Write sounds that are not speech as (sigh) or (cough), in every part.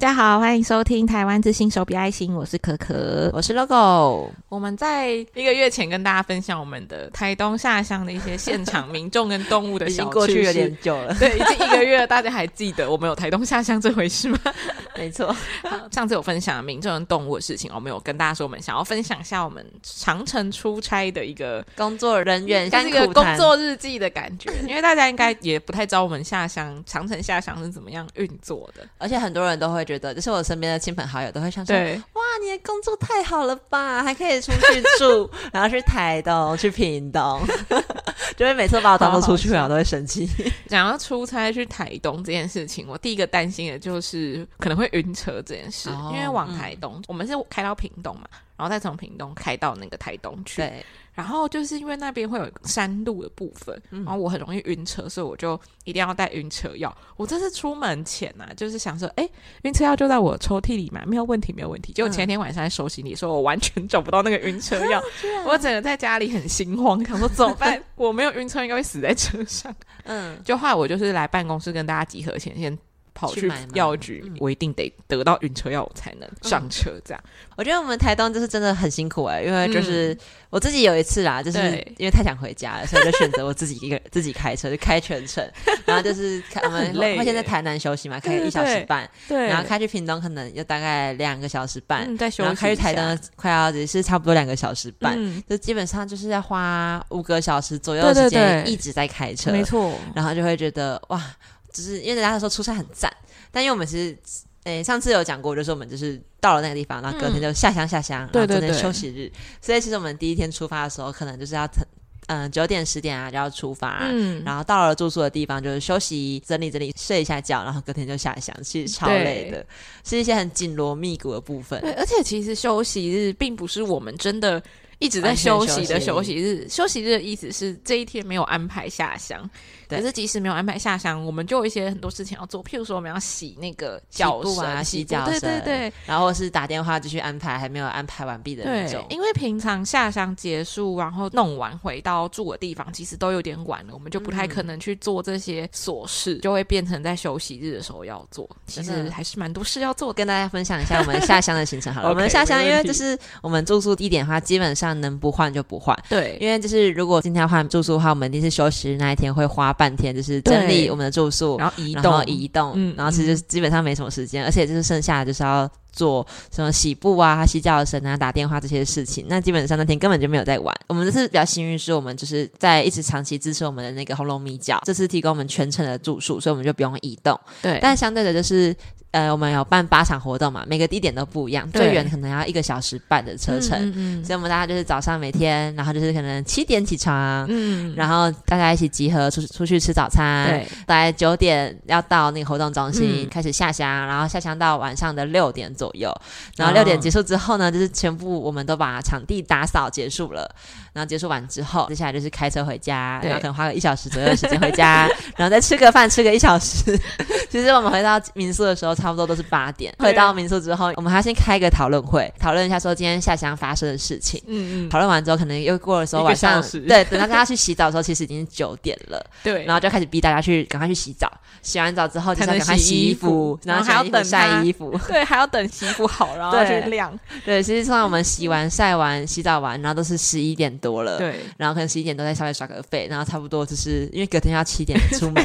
大家好，歡迎收聽台灣之心手比愛心，我是可可，我是 logo。我們在一個月前跟大家分享我們的台東下鄉的一些現場民眾跟動物的小趣事。 (laughs) 已經過去有點久了，對，已經一個月了， (laughs) 大家還記得我們有台東下鄉這回事嗎？沒錯，好上次有分享了民眾動物的事情，我們有跟大家說，我們想要分享一下我們長程出差的一個工作人員，就是個工作日記的感覺。 (laughs) 因為大家應該也不太知道我們下鄉長程下鄉是怎麼樣運作的，而且很多人都會覺得，就是我身邊的親朋好友都會常說：“對哇，你的工作太好了吧，還可以出去住， (laughs) 然後去台東去屏東。” (laughs) (laughs) 就會每次把我當做出去，我都會生氣。想要出差去台東這件事情，我第一個擔心的就是可能會。暈車這件事，哦、因為往台東，嗯、我們是開到屏東嘛，然後再從屏東開到那個台東去。對。然後就是因為那邊會有山路的部分，嗯、然後我很容易暈車，所以我就一定要帶暈車藥。我這次出門前啊，就是想說，哎，暈車藥就在我抽屜裡嘛，沒有問題，沒有問題。結果前天晚上在收行李，說我完全找不到那個暈車藥，嗯、我整個在家裡很心慌，想說怎麼辦？ (laughs) 我沒有暈車，應該會死在車上。嗯，就害我就是來辦公室跟大家集合前先。跑去藥局，我一定得得到暈車藥我才能上車。這樣，我覺得我們台東就是真的很辛苦哎，因為就是我自己有一次啊，就是因為太想回家了，所以就選擇我自己一個自己開車，就開全程。然後就是我們現在在台南休息嘛，開一小時半，對，然後開去屏東可能要大概兩個小時半，然後開去台東快要也是差不多兩個小時半，就基本上就是要花五個小時左右的時間一直在開車，沒錯，然後就會覺得哇。只是因為大家說出差很讚，但因為我們是，呃，上次有講過，就是我們就是到了那個地方，然後隔天就下鄉下鄉，嗯、對對對，然後昨天休息日，所以其實我們第一天出發的時候，可能就是要，嗯、呃，九點十點啊就要出發，啊、嗯、然後到了住宿的地方就是休息整理整理，整理睡一下覺，然後隔天就下鄉，其實超累的。對是一些很緊鑼密鼓的部分。對，而且其實休息日並不是我們真的。一直在休息的休息日，休息日的意思是這一天沒有安排下鄉，可是即使沒有安排下鄉，我們就有一些很多事情要做，譬如說我們要洗那個腳盆啊，洗腳對對對，然後是打電話繼續安排，還沒有安排完畢的那種。因為平常下鄉結束，然後弄完回到住的地方，其實都有點晚了，我們就不太可能去做這些瑣事，就會變成在休息日的時候要做。其實還是蠻多事要做，跟大家分享一下我們下鄉的行程好了。我們下鄉，因為就是我們住宿地點的話，基本上。能不換就不換，對，因為就是如果今天要換住宿的話，我們一定是休息那一天會花半天，就是整理對我們的住宿，然後移動、移動。嗯、然後其實基本上沒什麼時間，嗯、而且就是剩下的就是要做什麼洗布啊、洗腳聲、啊、打電話這些事情，那基本上那天根本就沒有在玩。我們這次比較幸運，是我們就是在一直長期支持我們的那個紅龍米餃，這次提供我們全程的住宿，所以我們就不用移動。對，但相對的就是。呃，我們有辦八場活動嘛，每個地點都不一樣，對最遠可能要一個小時半的車程，嗯嗯嗯，所以我們大家就是早上每天，嗯、然後就是可能七點起床，嗯，然後大家一起集合出出去吃早餐，對大概九點要到那個活動中心、嗯、開始下鄉，然後下鄉到晚上的六點左右，然後六點結束之後呢，哦、就是全部我們都把場地打掃結束了，然後結束完之後，接下來就是開車回家，對然後可能花個一小時左右的時間回家， (laughs) 然後再吃個飯，吃個一小時。其實我們回到民宿的時候，差不多都是八點回到民宿之後，我們還要先開一個討論會，討論一下說今天下鄉發生的事情。嗯嗯。討論完之後，可能又過了時候晚上，對，等到大家去洗澡的時候，其實已經九點了。對。然後就開始逼大家去趕快去洗澡，洗完澡之後，趕快洗衣服，然後還要等曬衣服。對，還要等洗衣服好，然後去晾。對，實際上我們洗完、曬完、洗澡完，然後都是十一點多了。對。然後可能十一點多再稍微耍個廢，然後差不多就是因為隔天要七點出門，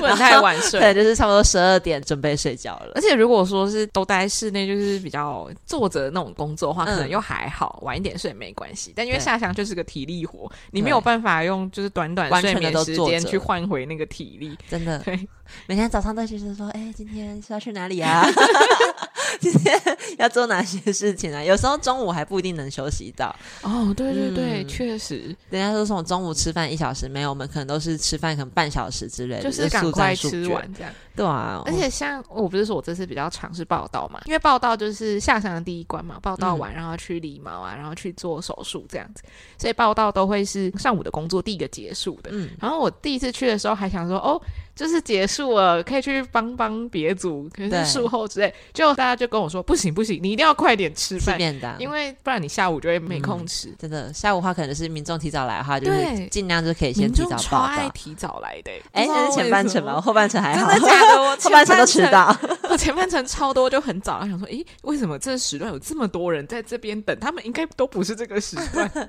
然後太晚睡。對，就是差不多十二點準備睡覺了。而且如果說是都待在室內，就是比較坐着那種工作的話，嗯、可能又還好，晚一點睡也沒關係。但因為下鄉就是個體力活，對你沒有辦法用就是短短的對睡眠時間去換回那個體力。的對真的， (laughs) 每天早上都覺得說，哎、欸，今天是要去哪裡啊？ (laughs) (laughs) (laughs) 今天要做哪些事情啊？有時候中午還不一定能休息到哦。對對對，嗯、確實，人家說我中午吃飯一小時沒有，我們可能都是吃飯可能半小時之類的，就是趕快數數吃完這樣。對啊，而且像、哦、我不是說我這次比較嘗試報到嘛，因為報到就是下鄉的第一關嘛，報到完然後去理毛啊，嗯、然後去做手術這樣子，所以報到都會是上午的工作第一個結束的。嗯，然後我第一次去的時候還想說哦。就是結束了，可以去幫幫別組，可能是術後之類，就對大家就跟我說：“不行不行，你一定要快點吃飯，因為不然你下午就會沒空吃。嗯”真的，下午的話可能是民眾提早來的話，對就是盡量就可以先提早報到。提早來的、欸，哎，這、欸、是前半程嗎？後半程還好，真的的前半後半程都遲到。我前, (laughs) 前半程超多，就很早。我想說，誒、欸，為什麼這時段有這麼多人在這邊等？他們應該都不是這個時段。 (laughs)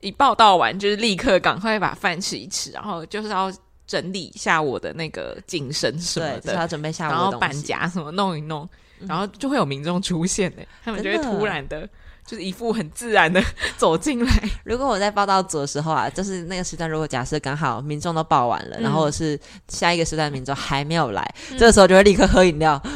一報到完，就是立刻趕快把飯吃一吃，然後就是要。整理一下我的那個緊身什麼對，的、就，是要準備下我的，然後板夾什麼弄一弄，嗯、然後就會有民眾出現的他們就會突然的，的就是一副很自然的走進來。如果我在報到組的時候啊，就是那個時段，如果假設剛好民眾都報完了，嗯、然後是下一個時段民眾還沒有來，嗯、這個時候就會立刻喝飲料，嗯、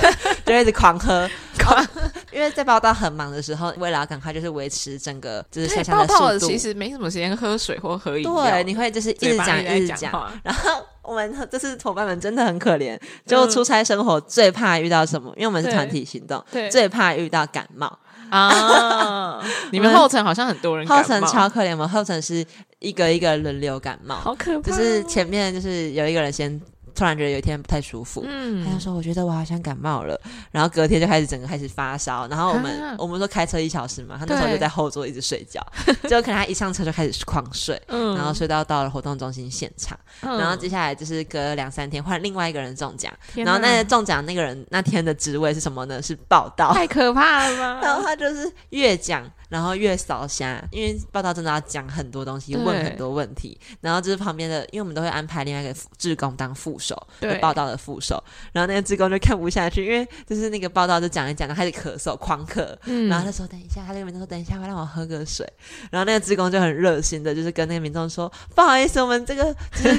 (laughs) 就會一直狂喝。 (laughs) 哦狂因為在報道很忙的時候，為了要趕快就是維持整個就是下鄉的速度抱抱，其實沒什麼時間喝水或喝飲料。對，你會就是一直講，講一直講。然後我們這次伙伴們真的很可憐，嗯、就出差生活最怕遇到什麼？因為我們是團體行動，對，對最怕遇到感冒啊！ (laughs) 你們後程好像很多人，後程超可憐，我們後程是一個一個輪流感冒，好可怕、哦！就是前面就是有一個人先。突然覺得有一天不太舒服，嗯、他就說：“我覺得我好像感冒了。”然後隔天就開始整個開始發燒。然後我們、啊、我們說開車一小時嘛，他那時候就在後座一直睡覺，就對可能他一上車就開始狂睡，嗯、然後睡到到了活動中心現場。嗯、然後接下來就是隔了兩三天換另外一個人中獎，啊、然後那中獎那個人那天的職位是什麼呢？是報到，太可怕了嗎？ (laughs) 然後他就是越講。然後月嫂蝦，因為報道真的要講很多東西，對問很多問題。然後就是旁邊的，因為我們都會安排另外一個志工當副手，對報道的副手。然後那個志工就看不下去，因為就是那個報道就講一講，他開始咳嗽，狂咳。嗯、然後他說：“等一下。”，他那個民眾說：“等一下，快讓我喝個水。”然後那個志工就很熱心的，就是跟那個民眾說：“不好意思，我們這個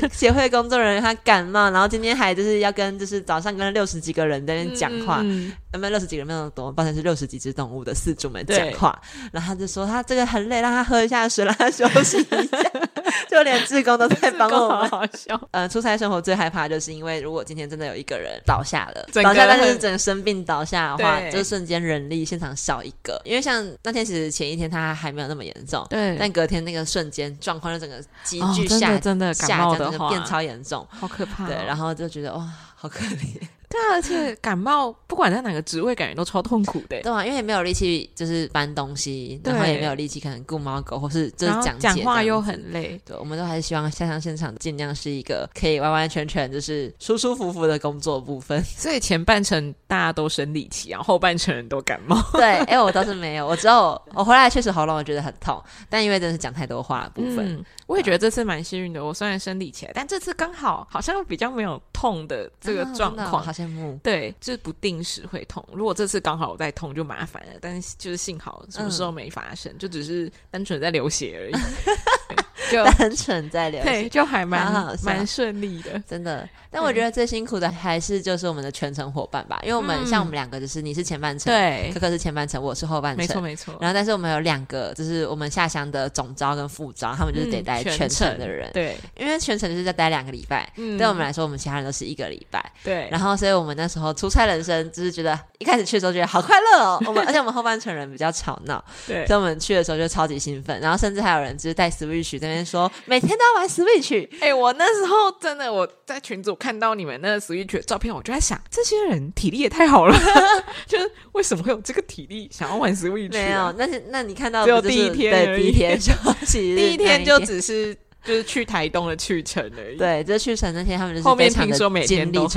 協會工作人員，他感冒，然後今天還就是要跟就是早上跟了六十幾個人在那邊講話。嗯嗯”他們六十幾個人沒有多，抱歉是六十幾只動物的飼主們講話，對然後他就說他這個很累，讓他喝一下水，讓他休息一下， (laughs) 就連志工都在幫我。好,好笑。呃，出差生活最害怕的就是因為如果今天真的有一個人倒下了，個倒下但是整生病倒下的話，對就瞬間人力現場少一個，因為像那天其實前一天他還沒有那麼嚴重，對，但隔天那個瞬間狀況就整個急劇下，哦、真,的真的感冒的變超嚴重，好可怕、哦。對，然後就覺得哇、哦，好可憐。對啊，而且感冒不管在哪個職位，感覺都超痛苦的。對啊，因為也沒有力氣，就是搬東西，對，然後也沒有力氣，可能顧貓狗，或是就是講,講話又很累。對，我們都還是希望下鄉現場盡量是一個可以完完全全就是舒舒服服的工作的部分。所以前半程大家都生理期，然後後半程人都感冒。對，哎，我倒是沒有，我之後我回來確實喉嚨我覺得很痛，但因為真的是講太多話的部分。嗯，我也覺得這次蠻幸運的，我雖然生理期，但這次剛好好像比較沒有。痛的這個狀況，oh, 哦，好羨慕。對，就是不定時會痛。如果這次剛好我在痛，就麻煩了。但是就是幸好，什麼時候沒發生，嗯、就只是單純在流血而已。 (laughs) 單純在聊，對，就還蠻好，蠻順利的，真的。但我覺得最辛苦的還是就是我們的全程夥伴吧，因為我們像我們兩個就是你是前半程，對，可可是前半程，我是後半程，沒錯沒錯。然後但是我們有兩個就是我們下鄉的總召跟副召，他們就是得待全程的人，對，因為全程就是在待兩個禮拜，對我們來說我們其他人都是一個禮拜，對。然後所以我們那時候出差人生就是覺得一開始去的時候覺得好快樂哦，我們而且我們後半程人比較吵鬧，對，所以我們去的時候就超級興奮，然後甚至還有人就是帶 switch 在。說每天都要玩 switch，哎、欸，我那時候真的，我在群組看到你們那 switch 的照片，我就在想這些人體力也太好了， (laughs) (laughs) 就是為什麼會有這個體力想要玩 switch？啊、沒有，那是那你看到的是，就是，只有第一天，第一天就 (laughs) 第一天就只是就是去台東的去程而已，對，就去程那天他們就是的後面聽說每天都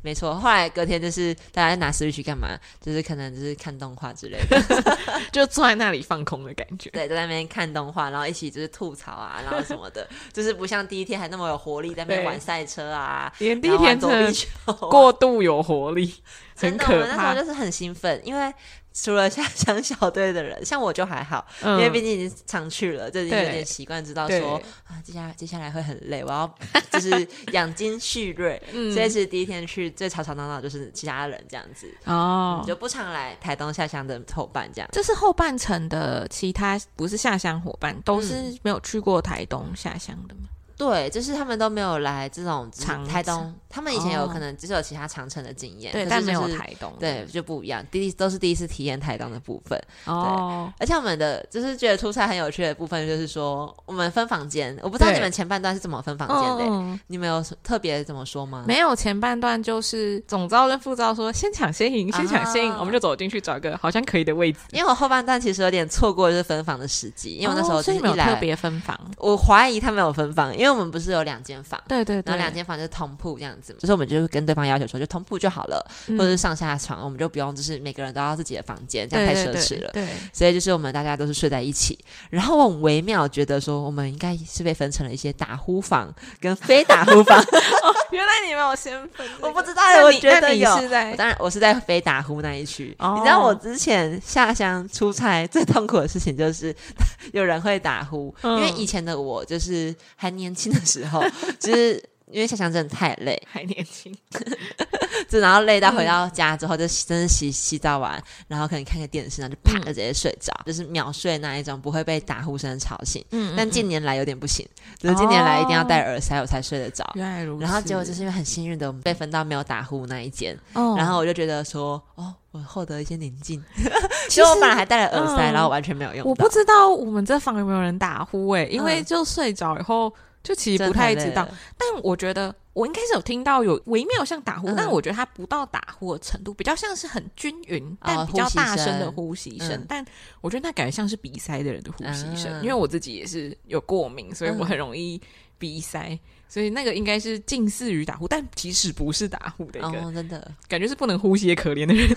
沒錯，後來隔天就是大家在拿 Switch 去幹嘛？就是可能就是看動畫之類的， (laughs) 就坐在那裡放空的感覺。對，在那邊看動畫，然後一起就是吐槽啊，然後什麼的， (laughs) 就是不像第一天還那麼有活力，在那邊玩賽車啊，對啊第一天躲避球，過度有活力，真的。我那時候就是很興奮，因為除了像小隊的人，像我就還好，嗯、因為畢竟已經常去了，就已經有點習慣，知道說啊，接下來接下來會很累，我要就是養精蓄銳。 (laughs) 所以是第一天去。最吵吵鬧鬧就是其他人這樣子哦，oh. 就不常來台東下鄉的夥伴這樣。這是後半程的其他不是下鄉夥伴，都是沒有去過台東下鄉的嗎？嗯？對，就是他們都沒有來這種長子台東。他們以前有可能只是有其他長程的經驗，對，但是沒有台東，對，就不一樣。第一都是第一次體驗台東的部分。哦、oh.，而且我們的就是覺得出差很有趣的部分，就是說我們分房間。我不知道你們前半段是怎麼分房間的、欸，oh. 你們有特別怎麼說嗎？沒有，前半段就是總召跟副召說先搶先贏，先搶先贏，oh. 我們就走進去找一個好像可以的位置。因為我後半段其實有點錯過就是分房的時機，因為那時候就、oh, 你有特別分房，我懷疑他沒有分房，因為我們不是有兩間房，對，對對，然後兩間房就是同鋪這樣子。就是我們就跟對方要求說，就通鋪就好了，嗯、或者是上下床，我們就不用，就是每個人都要自己的房間，這樣太奢侈了。對，對，對，對，對，所以就是我們大家都是睡在一起。然後我很微妙覺得說，我們應該是被分成了一些打呼房跟非打呼房。 (laughs) (laughs) 哦、原來你沒有先分、這個，我不知道。你我覺得你是在，當然我是在非打呼那一區。哦、你知道我之前下鄉出差最痛苦的事情就是有人會打呼，嗯、因為以前的我就是還年輕的時候，就是。 (laughs) 因為下鄉真的太累，還年輕，就然後累到回到家之後，就真的洗洗澡完，然後可能看個電視，然後就啪就直接睡着，就是秒睡那一種，不會被打呼聲吵醒。嗯，但近年來有點不行，就是近年來一定要戴耳塞我才睡得着。原來如此。然後結果就是因為很幸運的，我們被分到沒有打呼那一間，然後我就覺得說，哦，我獲得一些寧靜。其實我本來還戴了耳塞，然後完全沒有用。我不知道我們這房有沒有人打呼誒，因為就睡着以後。就其實不太知道，但我覺得我應該是有聽到有微妙像打呼，嗯、但我覺得它不到打呼的程度，比較像是很均勻但比較大聲的呼吸聲，哦吸嗯、但我覺得那感覺像是鼻塞的人的呼吸聲，嗯、因為我自己也是有過敏，所以我很容易、嗯。鼻塞，所以那個應該是近似於打呼，但其實不是打呼的哦，真的感覺是不能呼吸，可憐的人 (laughs)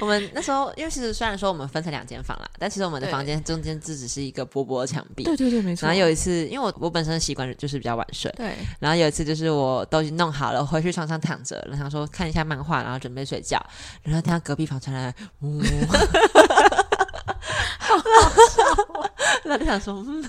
我們那時候，因為其實雖然說我們分成兩間房了，但其實我們的房間中間只只是一個薄薄的牆壁。對，對對對，沒錯。然後有一次，因為我我本身習慣就是比較晚睡，對。然後有一次，就是我都已經弄好了，回去床上躺着，然後想說看一下漫畫，然後準備睡覺，然後聽到隔壁房傳來，嗚。那就想說、嗯，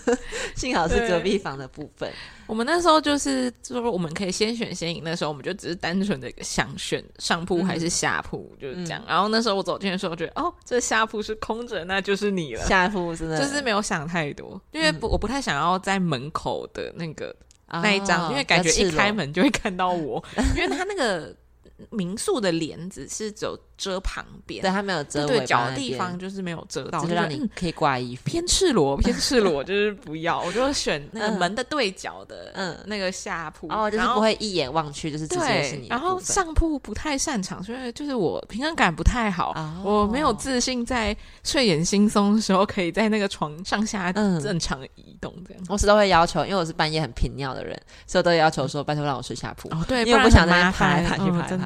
幸好是隔壁房的部分。我們那時候就是說，我們可以先選先贏。那時候我們就只是單純的想選上鋪還是下鋪，嗯、就是這樣。然後那時候我走進的時候，我覺得哦，這下鋪是空着，那就是你了。下鋪真的就是沒有想太多，嗯、因為不我不太想要在門口的那個、哦、那一張，因為感覺一開門就會看到我，哦、因為他那個。 (laughs) 民宿的簾子是只有遮旁邊，但它沒有遮對角的地方，就是沒有遮到，就讓你可以掛衣服。偏赤裸，偏赤裸就是不要，我就選那個門的對角的，嗯，那個下鋪，然後不會一眼望去就是直接是你。然後上鋪不太擅長，所以就是我平衡感不太好，我沒有自信在睡眼惺忪的時候可以在那個床上下正常移動。這樣，我是都會要求，因為我是半夜很頻尿的人，所以都要求說拜託讓我睡下鋪，對。因為我不想在那邊爬來爬去爬來爬。剛剛有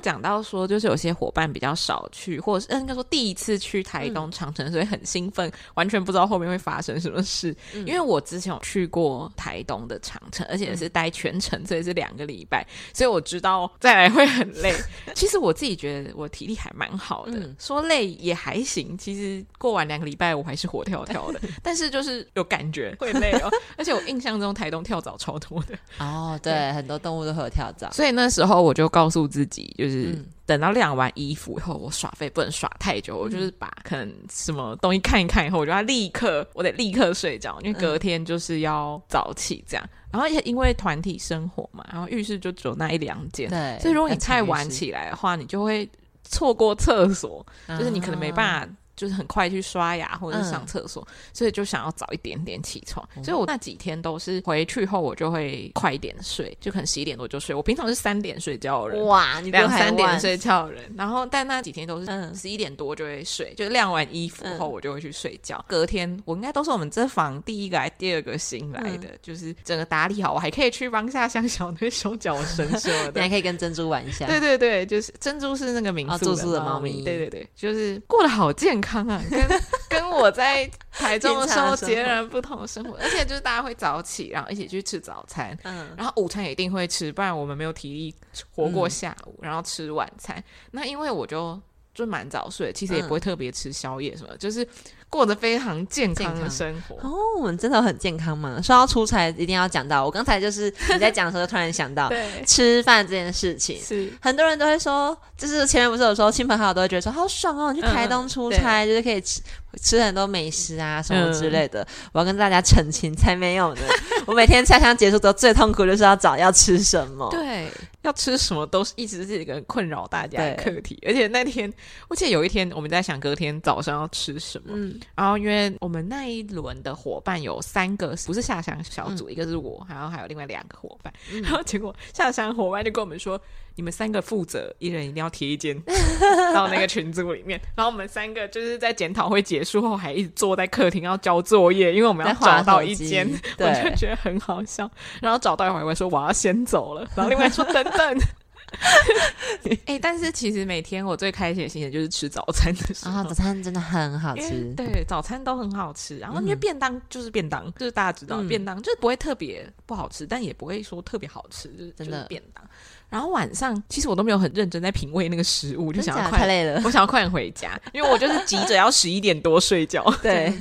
講到說，就是有些夥伴比較少去，或者是、呃、應該說第一次去台東長程，所以很興奮，完全不知道後面會發生什麼事。因為我之前有去過台東的長程，而且是待全程，所以是兩個禮拜，所以我知道再來會很累。 (laughs) 其實我自己覺得我體力還蠻好的，說累也還行。其實過完兩個禮拜我還是活跳跳的， (laughs) 但是就是有感覺會累哦。 (laughs) 而且我印象中台東跳蚤超多的哦，oh, 對，對很多動物都會有跳蚤，所以那時候我就。告訴自己，就是等到晾完衣服以後，我耍廢，不能耍太久。嗯、我就是把可能什麼東西看一看以後，我就要立刻，我得立刻睡覺，因為隔天就是要早起這樣。嗯、然後也因為團體生活嘛，然後浴室就只有那一兩間，對所以如果你太晚起來的話，你就會錯過廁所，就是你可能沒辦法。就是很快去刷牙或者是上廁所，嗯、所以就想要早一點點起床。嗯、所以我那幾天都是回去後，我就會快一點睡，就可能十一點多就睡。我平常是三點睡覺的人，哇，你兩三點睡覺的人。然後但那幾天都是十一點多就會睡，嗯、就是晾完衣服後我就會去睡覺。嗯、隔天我應該都是我們這房第一個、還第二個醒來的，嗯、就是整個打理好，我還可以去幫下像小那手腳我生鏽的， (laughs) 你還可以跟珍珠玩一下。對對對，就是珍珠是那個民宿的、哦、住住貓咪。對對對，就是過得好健康。跟 (laughs) 跟我在台中的時候截然不同的生活，而且就是大家會早起，然後一起去吃早餐，然後午餐也一定會吃，不然我們沒有體力活過下午，然後吃晚餐。那因為我就。就蠻早睡，其實也不會特別吃宵夜什麼的，嗯、就是過得非常健康的生活。哦，我們真的很健康嘛。說到出差，一定要講到。我剛才就是你在講的時候，突然想到 (laughs) 對吃飯這件事情，是很多人都會說，就是前面不是有說，親朋好友都會覺得說好爽哦，你去台東出差，嗯、就是可以吃。吃很多美食啊，什麼之類的，嗯、我要跟大家澄清才沒有呢。 (laughs) 我每天下鄉結束之後最痛苦，就是要找要吃什麼，對，要吃什麼都是一直是一個困擾大家的課題。對而且那天，我記得有一天我們在想，隔天早上要吃什麼？嗯，然後因為我們那一輪的夥伴有三個，不是下鄉小組，嗯、一個是我，然後還有另外兩個夥伴。嗯、然後結果下鄉夥伴就跟我們說。你們三個負責，一人一定要貼一間到那個群組裡面。 (laughs) 然後我們三個就是在檢討會結束後，還一直坐在客廳要交作業，因為我們要找到一間，我就覺得很好笑。然後找到一，我說我要先走了。然後另外說等等。哎、 (laughs) (laughs) 欸，但是其實每天我最開心的心情就是吃早餐的時候。哦、早餐真的很好吃。對，早餐都很好吃。然後我覺得便當就是便當，嗯、就是大家知道便當就是不會特別不好吃，但也不會說特別好吃，就是真的便當。然後晚上其實我都沒有很認真在品味那個食物，就想要快累了，我想要快點回家， (laughs) 因為我就是急着要十一點多睡覺。對，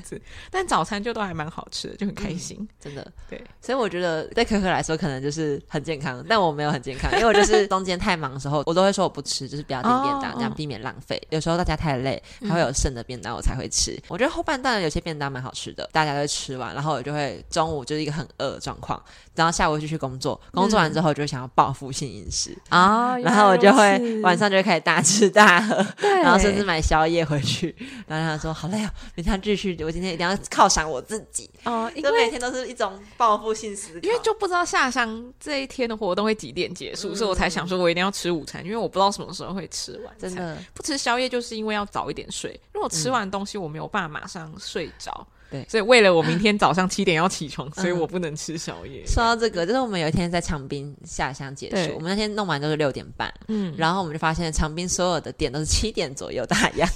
但早餐就都還蠻好吃的，就很開心，嗯、真的。對，所以我覺得對可可來說可能就是很健康，但我沒有很健康，因為我就是中間太忙的時候， (laughs) 我都會說我不吃，就是不要訂便當，這樣避免浪費。哦、有時候大家太累，還會有剩的便當我才會吃。嗯、我覺得後半段有些便當蠻好吃的，大家都吃完，然後我就會中午就是一個很餓的狀況，然後下午就去工作，工作完之後就想要報復性飲食。嗯啊，哦、然後我就會晚上就開始大吃大喝，對然後甚至買宵夜回去。然後他說：“好累哦，等下繼續。”我今天一定要犒賞我自己哦，因為每天都是一種報復性思考。因為就不知道下鄉這一天的活動會幾點結束，嗯、所以我才想說我一定要吃午餐，因為我不知道什麼時候會吃完。真的不吃宵夜，就是因為要早一點睡。如果吃完東西，我沒有辦法馬上睡着。嗯對，所以為了我明天早上七點要起床，所以我不能吃宵夜。說到這個，就是我們有一天在長濱下鄉結束，我們那天弄完都是六點半，嗯，然後我們就發現長濱所有的店都是七點左右打烊，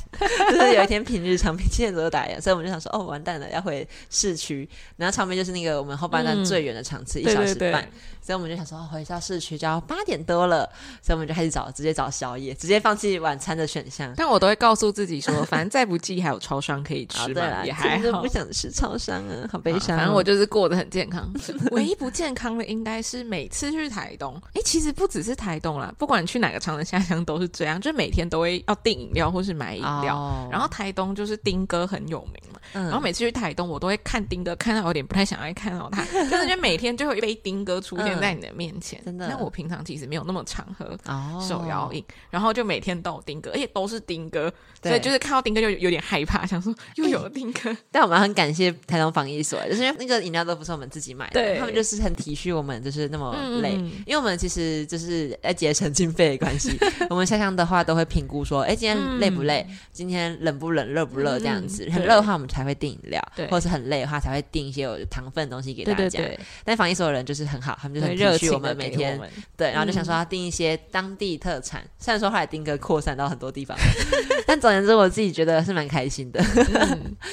就是有一天平日長濱七點左右打烊，所以我們就想說，哦，完蛋了，要回市區，然後長濱就是那個我們後半段最遠的場次，一小時半，所以我們就想說，回到市區就要八點多了，所以我們就開始找，直接找宵夜，直接放棄晚餐的選項。但我都會告訴自己說，反正再不濟還有超商可以吃的也還好。是超傷啊，好悲傷，啊哦。反正我就是過得很健康， (laughs) 唯一不健康的應該是每次去台東。哎，欸，其實不只是台東啦，不管你去哪個長程下鄉都是這樣，就是，每天都會要訂飲料或是買飲料。哦，然後台東就是丁哥很有名嘛，嗯，然後每次去台東我都會看丁哥，看到有點不太想要看到他，就是就每天就會被丁哥出現在你的面前。嗯，真的，那我平常其實沒有那麼常喝手搖飲，哦，然後就每天都有丁哥，而且都是丁哥，對所以就是看到丁哥就有點害怕，想說又有丁哥。欸，但我馬上。感謝台東防疫所，就是那個飲料都不是我們自己買的，他們就是很體恤我們，就是那麼累，因為我們其實就是要節省經費的關係，我們下鄉的話都會評估說，哎，今天累不累？今天冷不冷？熱不熱？這樣子，很熱的話，我們才會訂飲料，或是很累的話才會訂一些有糖分的東西給大家。但防疫所，有人就是很好，他們就很體恤我們每天，對，然後就想說訂一些當地特產，雖然說後來訂個擴散到很多地方，但總而言之，我自己覺得是蠻開心的，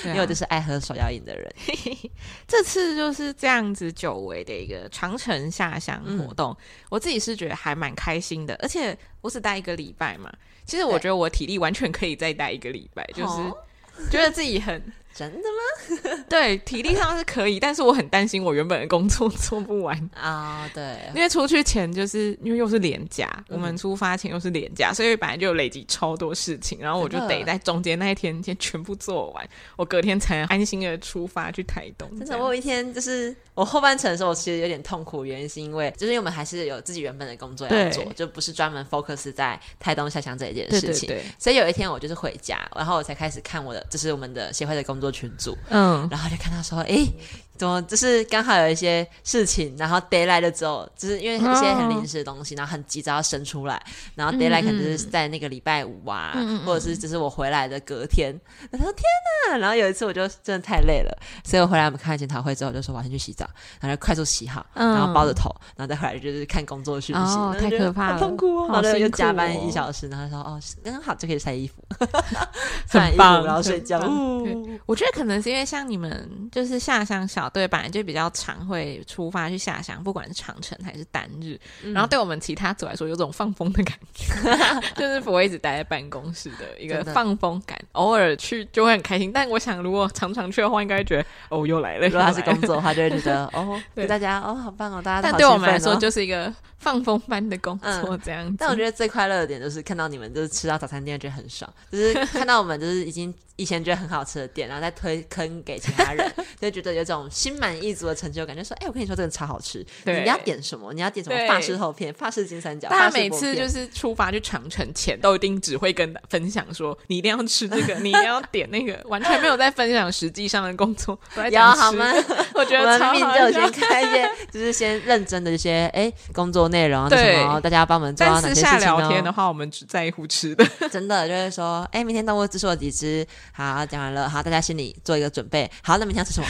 因為我就是愛喝水。手要贏的人， (laughs) 這次就是這樣子久違的一個長程下鄉活動，嗯、我自己是覺得還蠻開心的，而且我只待一個禮拜嘛，其實我覺得我體力完全可以再待一個禮拜，對就是覺得自己很。 (laughs) 真的嗎？ (laughs) 對，體力上是可以，但是我很擔心我原本的工作做不完啊。Oh, 對，因為出去前就是因為又是連假，嗯、我們出發前又是連假，所以本來就有累積超多事情，然後我就得在中間那一天先全部做完，的我隔天才能安心的出發去台東。真的，我有一天就是我後半程的時候，其實有點痛苦，原因是因為就是因為我們還是有自己原本的工作要做，對就不是專門 focus 在台東下鄉這一件事情。對，對，對，對，所以有一天我就是回家，然後我才開始看我的，就是我們的協會的工。做群主，嗯，然後就看到說，哎、欸，怎麼？就是剛好有一些事情，然後 day 來了之後，就是因為一些很臨時的東西，哦、然後很急着要生出來，然後 day 可能就是在那個禮拜五啊，嗯嗯或者是只是我回來的隔天。他、嗯嗯、說：“天吶。然後有一次我就真的太累了，所以我回來我們開檢討會之後，我就說：“我先去洗澡，然後就快速洗好，嗯、然後包着頭，然後再回來就是看工作訊息、哦、太可怕了，痛苦哦！我就加班一小時，哦、然後說：“哦，剛剛好就可以曬衣服， (laughs) 衣服很棒，然後睡覺。嗯”嗯我覺得可能是因為像你們就是下鄉小隊本來就比較常會出發去下鄉，不管是長程還是單日，然後對我們其他組來說有這種放風的感覺，就是不會一直待在辦公室的一個放風感，偶爾去就會很開心。但我想，如果常常去的話，應該會覺得哦又來了。如果是工作的話，就會覺得哦，對，大家哦好棒哦，大家都好棒。但對我們來說，就是一個。放風般的工作這樣子、嗯，但我覺得最快樂的點就是看到你們就是吃到早餐店覺得很爽， (laughs) 就是看到我們就是已經以前覺得很好吃的店，然後再推坑給其他人， (laughs) 就覺得有種心滿意足的成就感覺。就說，哎、欸，我跟你說，這個超好吃，對你要點什麼？你要點什麼？法對式厚片、法式金三角，大家每次就是出發去長程前， (laughs) 都一定只會跟分享說，你一定要吃這個，你一定要點那個， (laughs) 完全沒有在分享實際上的工作，要吃。有，好嗎？ (laughs) 我，覺得好我們明天先看一些， (laughs) 就是先認真的一些哎、欸、工作內容啊對什麼，大家幫我們做到哪些事、哦、聊天的話，我們只在乎吃的。真的就是說，哎、欸，明天動物只做了幾只，好講完了，好，大家心裡做一個準備。好，那明天要吃什麼？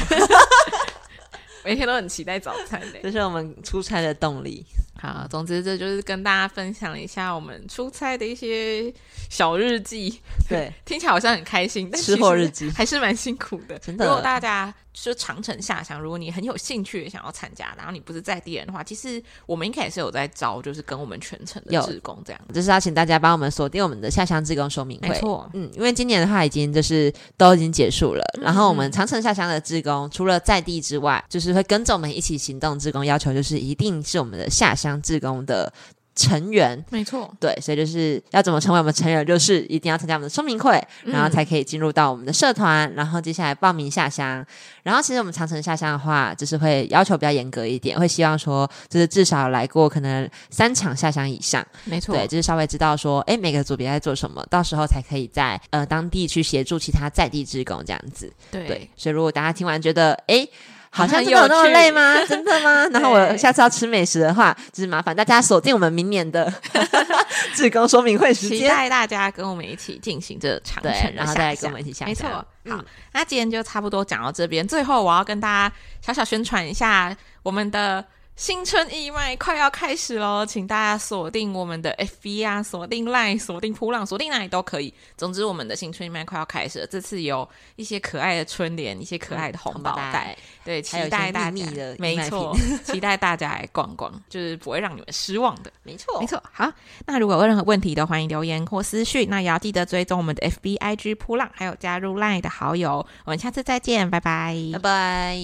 (laughs) 每天都很期待早餐的。這是我們出差的動力。好，總之這就是跟大家分享一下我們出差的一些小日記。對，聽起來好像很開心，吃貨日記還是蠻辛苦的。真的，如果大家。說長程下鄉，如果你很有興趣想要參加，然後你不是在地人的話，其實我們應該也是有在招，就是跟我們全程的志工這樣。就是要請大家幫我們鎖定我們的下鄉志工說明會，沒錯，嗯，因為今年的話已經就是都已經結束了。嗯、哼然後我們長程下鄉的志工，除了在地之外，就是會跟着我們一起行動，志工要求，就是一定是我們的下鄉志工的。成員沒錯錯，對，所以就是要怎麼成為我們成員，就是一定要參加我們的說明會，然後才可以進入到我們的社團，嗯、然後接下來報名下鄉。然後其實我們長程下鄉的話，就是會要求比較嚴格一點，會希望說，就是至少來過可能三場下鄉以上，沒錯錯。對，就是稍微知道說，哎、欸，每個組別在做什麼，到時候才可以在呃當地去協助其他在地志工這樣子。對，對，所以如果大家聽完覺得，哎、欸。好像真的有那麼累嗎？真的嗎？然後我下次要吃美食的話， (laughs) 對就是麻煩大家鎖定我們明年的哈哈哈，志 (laughs) 工說明會時間，期待大家跟我們一起進行這長程，然後再跟我們一起下場。沒錯，好，嗯、那今天就差不多講到這邊。最後，我要跟大家小小宣傳一下我們的。新春義賣快要開始嘍，請大家鎖定我們的 FB 啊，鎖定 Line，鎖定噗浪，鎖定哪裡都可以。總之，我們的新春義賣快要開始了，這次有一些可愛的春聯，一些可愛的紅包袋，嗯嗯嗯嗯嗯、對，還有期待大家的沒錯，期待大家來逛逛，就是不會讓你們失望的，沒錯，沒錯。好，那如果有任何問題的，歡迎留言或私訊。那也要記得追蹤我們的 FBIG 噗浪，還有加入 Line 的好友。我們下次再見，拜拜，拜拜。